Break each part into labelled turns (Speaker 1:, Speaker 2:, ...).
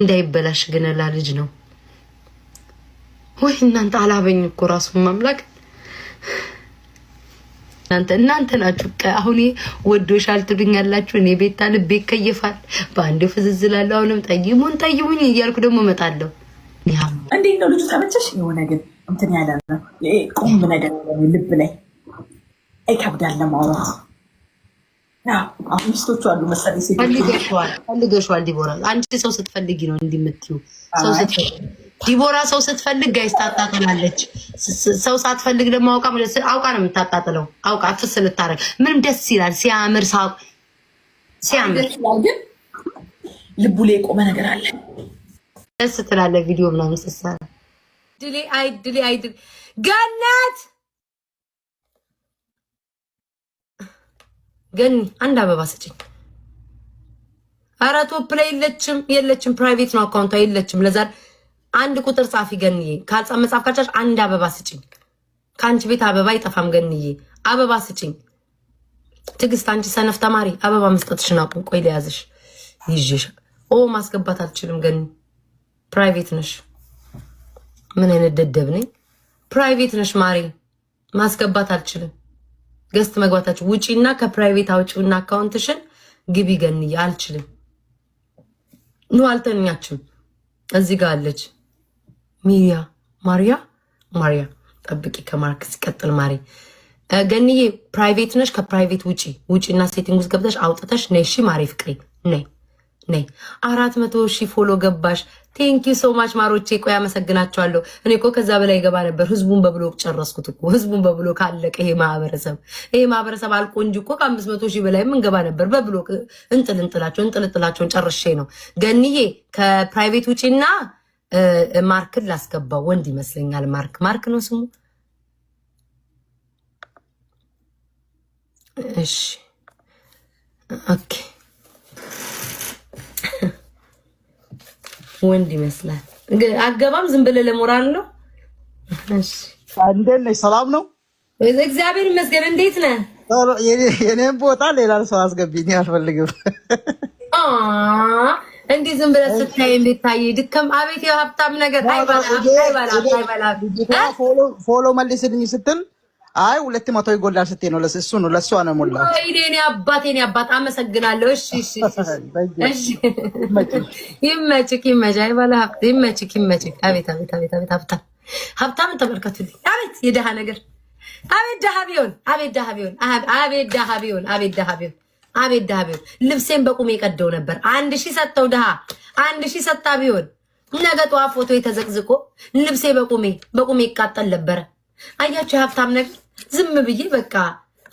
Speaker 1: እንዳይበላሽ ግን ልጅ ነው ወይ እናንተ አላበኝ እኮ ራሱን ማምላክ እናንተ እናንተ ናችሁ። አሁን ወዶሻል ትሉኛላችሁ። እኔ ቤታ ልቤ ይከይፋል። በአንድ ፍዝዝላለሁ። አሁንም ጠይሙን ጠይሙኝ እያልኩ ደግሞ እመጣለሁ።
Speaker 2: እንዴት ነው ልጁ ተመቸሽ? የሆነ ግን እንትን ያለ ነው ቁም ነገር ልብ ላይ አይከብዳል ለማውራት ሚስቶቹ አሉ መሰለኝ
Speaker 1: ፈልገሽዋል። ዲቦራ አንቺ ሰው ስትፈልጊ ነው እንዲህ የምትይው። ዲቦራ ሰው ስትፈልግ ጋይስ ታጣጥላለች። ሰው ሳትፈልግ ደግሞ አውቃ አውቃ ነው የምታጣጥለው። አውቃ ፍስ ልታረግ ምንም ደስ ይላል። ሲያምር ሳቅ ሲያምር
Speaker 2: ልቡ ላይ የቆመ ነገር አለ።
Speaker 1: ደስ ትላለ ቪዲዮ ምናምን ስትሰራ ድሌ ገኒ አንድ አበባ ስጭኝ። ኧረ ቶፕ የለችም፣ የለችም። ፕራይቬት ነው አካውንቷ፣ የለችም። ለዛ አንድ ቁጥር ጻፊ ገንዬ፣ ካልጻ መጻፍ ካልቻልሽ አንድ አበባ ስጭኝ። ከአንቺ ቤት አበባ አይጠፋም ገንዬ፣ አበባ ስጭኝ። ትግስት አንቺ ሰነፍ ተማሪ አበባ መስጠትሽን አቁም። ቆይ ለያዝሽ ይዤሽ። ኦ ማስገባት አልችልም ገኒ፣ ፕራይቬት ነሽ። ምን አይነት ደደብ ነኝ! ፕራይቬት ነሽ ማሬ፣ ማስገባት አልችልም። ገስት መግባታችሁ ውጪና ከፕራይቬት አውጪውና አካውንትሽን ግቢ ገንዬ አልችልም። ኑ አልተኛችም። እዚህ ጋር አለች ሚሪያ ማሪያ ማሪያ ጠብቂ። ከማርክ ሲቀጥል ማሪ ገንዬ ፕራይቬት ነሽ። ከፕራይቬት ውጪ ውጪና ሴቲንግ ውስጥ ገብተሽ አውጥተሽ ነይ። ማሪ ፍቅሬ ነይ። ነይ አራት መቶ ሺህ ፎሎ ገባሽ። ቴንኪ ሶ ማች ማሮቼ፣ ቆይ አመሰግናቸዋለሁ። እኔ እኮ ከዛ በላይ ገባ ነበር። ህዝቡን በብሎክ ጨረስኩት እኮ ህዝቡን በብሎክ አለቀ። ይሄ ማህበረሰብ ይሄ ማህበረሰብ አልቆ እንጂ እኮ ከአምስት መቶ ሺህ በላይ የምንገባ ነበር። በብሎክ እንጥልንጥላቸው እንጥልጥላቸውን ጨርሼ ነው። ገንዬ ከፕራይቬት ውጪና ማርክን ላስገባው። ወንድ ይመስለኛል። ማርክ ማርክ ነው ስሙ። እሺ ኦኬ ወንድ ይመስላል። አገባም ዝም ብለህ ለሞራል ነው።
Speaker 3: እንዴት ነሽ? ሰላም ነው።
Speaker 1: እግዚአብሔር ይመስገን። እንዴት ነህ?
Speaker 3: የኔም ቦታ ሌላ ሰው አስገብኝ አልፈልግም።
Speaker 1: እንዲህ ዝም ብለህ ስታይ እንድታይ ድከም አቤት የሀብታም ነገር
Speaker 3: ፎሎ መልስልኝ ስትል አይ ሁለት መቶ ይጎላል ስትይ ነው። ለእሱ ነው ለእሷ ነው ሞላ።
Speaker 1: ወይኔ አባት ኔ አባት አመሰግናለሁ። እሺ እሺ እሺ ይመችክ ይመች። አይ ባለ ሀብት ይመችክ ይመችክ። አቤት አቤት አቤት አቤት ሀብታም ሀብታም ተመልከቱልኝ። አቤት የደሃ ነገር አቤት ደሃ ቢሆን አቤት ደሃ ቢሆን አቤት ደሃ ቢሆን አቤት ደሃ ቢሆን አቤት ደሃ ቢሆን ልብሴን በቁሜ ቀደው ነበር። አንድ ሺህ ሰጥተው ደሃ አንድ ሺህ ሰጣ ቢሆን ነገ ጠዋት ፎቶ የተዘቅዝቆ ልብሴ በቁሜ በቁሜ ይቃጠል ነበረ። አያችሁ የሀብታም ነገር ዝም ብዬ በቃ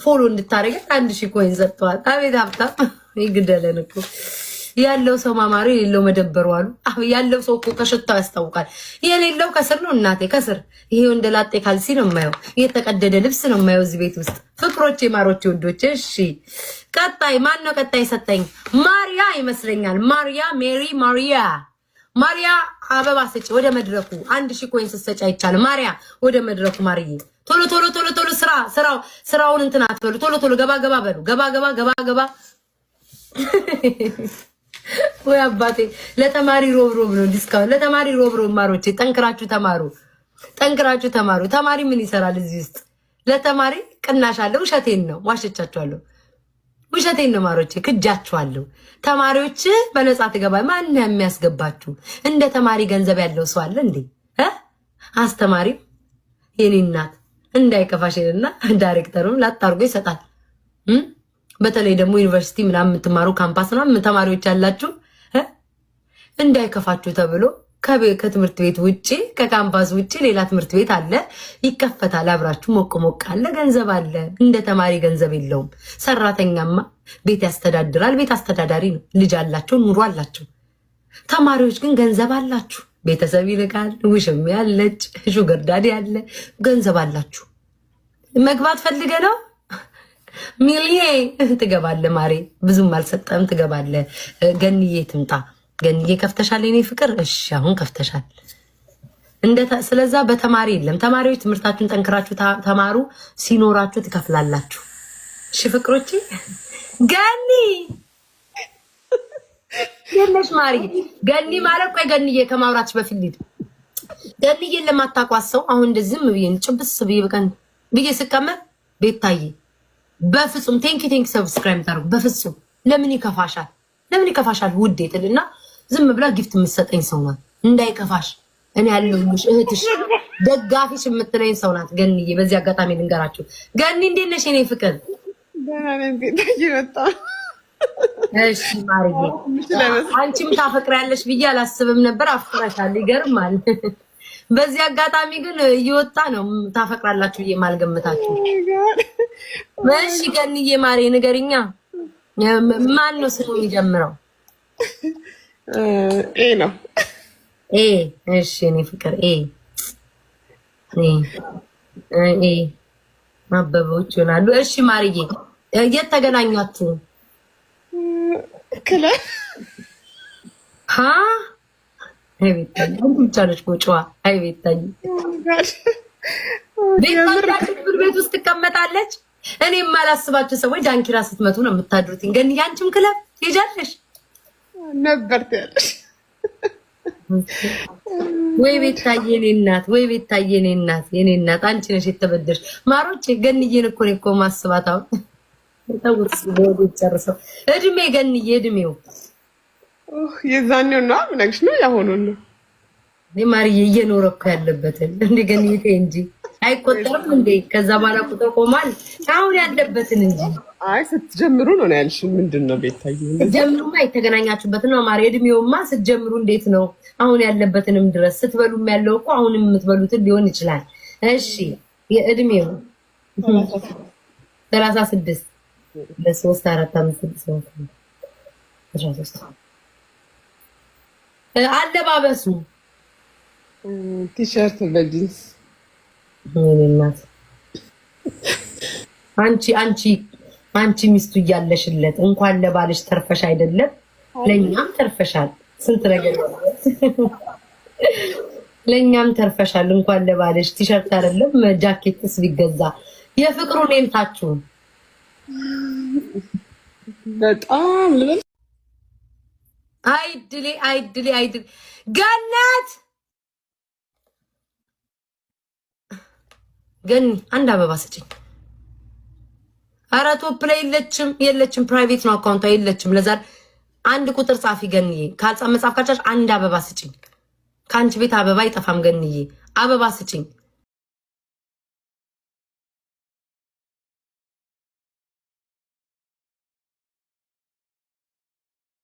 Speaker 1: ፎሎ እንድታደረገ አንድ ሺ ኮይን ሰጥተዋል። አቤት ሀብታም ይግደለን እኮ ያለው ሰው ማማሪ የሌለው መደበሩ አሉ። ያለው ሰው እኮ ከሽታው ያስታውቃል። የሌለው ከስር ነው እናቴ፣ ከስር ይሄ ላጤ ካልሲ ነው የማየው፣ የተቀደደ ልብስ ነው የማየው እዚህ ቤት ውስጥ። ፍቅሮቼ፣ ማሮቼ፣ ወዶቼ። እሺ ቀጣይ ማን ነው? ቀጣይ ሰጠኝ ማሪያ ይመስለኛል። ማሪያ ሜሪ፣ ማሪያ ማሪያ አበባ ስጪ። ወደ መድረኩ አንድ ሺ ኮይን ስትሰጪ አይቻልም። ማሪያ ወደ መድረኩ ማርዬ ቶሎ ቶሎ ቶሎ ቶሎ ስራ ስራው ስራውን እንትን አትበሉ። ቶሎ ቶሎ ገባ ገባ በሉ። ገባ ገባ ገባ ገባ። ወይ አባቴ ለተማሪ ሮብ ሮብ ነው ዲስካውንት ለተማሪ ሮብ ሮብ። ማሮቼ ጠንክራችሁ ተማሩ፣ ጠንክራችሁ ተማሩ። ተማሪ ምን ይሰራል እዚህ ውስጥ? ለተማሪ ቅናሽ አለ። ውሸቴን ነው፣ ዋሸቻችኋለሁ። ውሸቴን ነው ማሮቼ፣ ክጃችኋለሁ። ተማሪዎች በነፃ ትገባ። ማን የሚያስገባችሁ? እንደ ተማሪ ገንዘብ ያለው ሰው አለ እንዴ? አስተማሪም የኔ እናት እንዳይከፋሽንና ዳይሬክተሩም ላታርጎ ይሰጣል። በተለይ ደግሞ ዩኒቨርሲቲ ምናምን የምትማሩ ካምፓስ ምናምን ተማሪዎች ያላችሁ እንዳይከፋችሁ ተብሎ ከትምህርት ቤት ውጭ ከካምፓስ ውጭ ሌላ ትምህርት ቤት አለ፣ ይከፈታል። አብራችሁ ሞቅ ሞቅ አለ፣ ገንዘብ አለ። እንደ ተማሪ ገንዘብ የለውም። ሰራተኛማ ቤት ያስተዳድራል። ቤት አስተዳዳሪ ነው። ልጅ አላቸው፣ ኑሮ አላቸው። ተማሪዎች ግን ገንዘብ አላችሁ። ቤተሰብ ይልካል፣ ውሽም ያለች ሹገር ዳዲ ያለ ገንዘብ አላችሁ መግባት ፈልገ ነው ሚሊዬ ትገባለ። ማሬ ብዙም አልሰጠም ትገባለ። ገንዬ ትምጣ። ገንዬ ከፍተሻል፣ የኔ ፍቅር። እሺ አሁን ከፍተሻል። ስለዛ በተማሪ የለም። ተማሪዎች ትምህርታችሁን ጠንክራችሁ ተማሩ፣ ሲኖራችሁ ትከፍላላችሁ። እሺ ፍቅሮቼ ገኒ የለሽ ማሪ ገኒ ማለት ቆይ ገኒዬ ከማውራትሽ በፊት ልሂድ። ገኒዬን ለማታቋት ሰው አሁን እንደዚህ ዝም ብዬ ጭብስ ብዬ በቀን ብዬ ስቀመጥ ቤታዬ በፍጹም ቴንኪ ቴንኪ ሰብስክራይብ ታደርጉ በፍጹም ለምን ይከፋሻል? ለምን ይከፋሻል? ውዴ ትልና ዝም ብላ ጊፍት የምትሰጠኝ ሰው ናት። እንዳይከፋሽ እኔ ያለሁልሽ እህትሽ ደጋፊሽ የምትለኝ ሰው ናት ገኒዬ። በዚህ አጋጣሚ ልንገራችሁ ገኒ፣ እንዴት ነሽ የኔ ፍቅር?
Speaker 4: ደህና ነኝ ቤታዬ በጣም
Speaker 1: እሺ ማርዬ፣ አንቺም ታፈቅሪያለሽ ብዬ አላስብም ነበር። አፍቅረሻል፣ ይገርማል። በዚህ አጋጣሚ ግን እየወጣ ነው ታፈቅራላችሁ ብዬ ማልገምታችሁ። oh እሺ ገንዬ ማሬ፣ ንገሪኛ ማን ነው ስሙ የሚጀምረው?
Speaker 4: ኤ ነው
Speaker 1: ኤ። እሺ እኔ ፍቅር ኤ ኤ ማበቦች ይሆናሉ። እሺ ማርዬ፣ የት ተገናኛችሁ? ብር ቤት ውስጥ ትቀመጣለች። እኔ የማላስባቸው ሰዎች ዳንኪራ ስትመቱ ነው የምታድሩት። ግን ያንቺም ክለብ ትሄጃለሽ
Speaker 4: ነበር ትያለሽ
Speaker 1: ወይ ቤታዬ፣ የኔ እናት ወይ ቤታዬ፣ የኔ እናት የኔ እናት አንቺ ነሽ የተበደርሽ። ማሮቼ ገንዬን እኮ እኔ እኮ ማስባት አሁን ጨርሰው እድሜ እድሜው
Speaker 4: የዛኔው ነው ነው ነው
Speaker 1: ማርዬ እየኖረ እኮ ያለበትን እንደ ገንዬ እንጂ አይቆጠርም እንዴ? ከዛ በኋላ ቁጥር ቆማል። አሁን ያለበትን እንጂ
Speaker 3: አይ ስትጀምሩ ነው ያልሽ። ምንድን ነው
Speaker 1: ነው እድሜውማ ስትጀምሩ እንዴት ነው? አሁን ያለበትንም ድረስ ስትበሉም ያለው እኮ አሁንም የምትበሉትን ሊሆን ይችላል። እሺ፣ የእድሜው ሰላሳ ስድስት ለሶስት አራት አምስት ስድስት አስራ ሶስት አለባበሱ
Speaker 4: ቲሸርት በጂንስ
Speaker 1: እናት አንቺ አንቺ አንቺ ሚስቱ እያለሽለት እንኳን ለባልሽ ተርፈሽ አይደለም ለእኛም ተርፈሻል። ስንት ነገር ለእኛም ተርፈሻል። እንኳን ለባልሽ ቲሸርት አይደለም ጃኬትስ ቢገዛ የፍቅሩን ኔምታችሁን
Speaker 4: በጣም ልበል።
Speaker 1: አይድሌ አይድሌ አይድሌ ገነት ገኒ አንድ አበባ ስጭኝ። ኧረ ቶፕ ላይ የለችም የለችም፣ ፕራይቬት ነው አካውንቷ የለችም። ለዛ አንድ ቁጥር ጻፊ ገንዬ፣ ካልጻፍ መጻፍ ካልቻልሽ አንድ አበባ ስጭኝ። ከአንቺ ቤት አበባ አይጠፋም ገንዬ፣ አበባ ስጭኝ።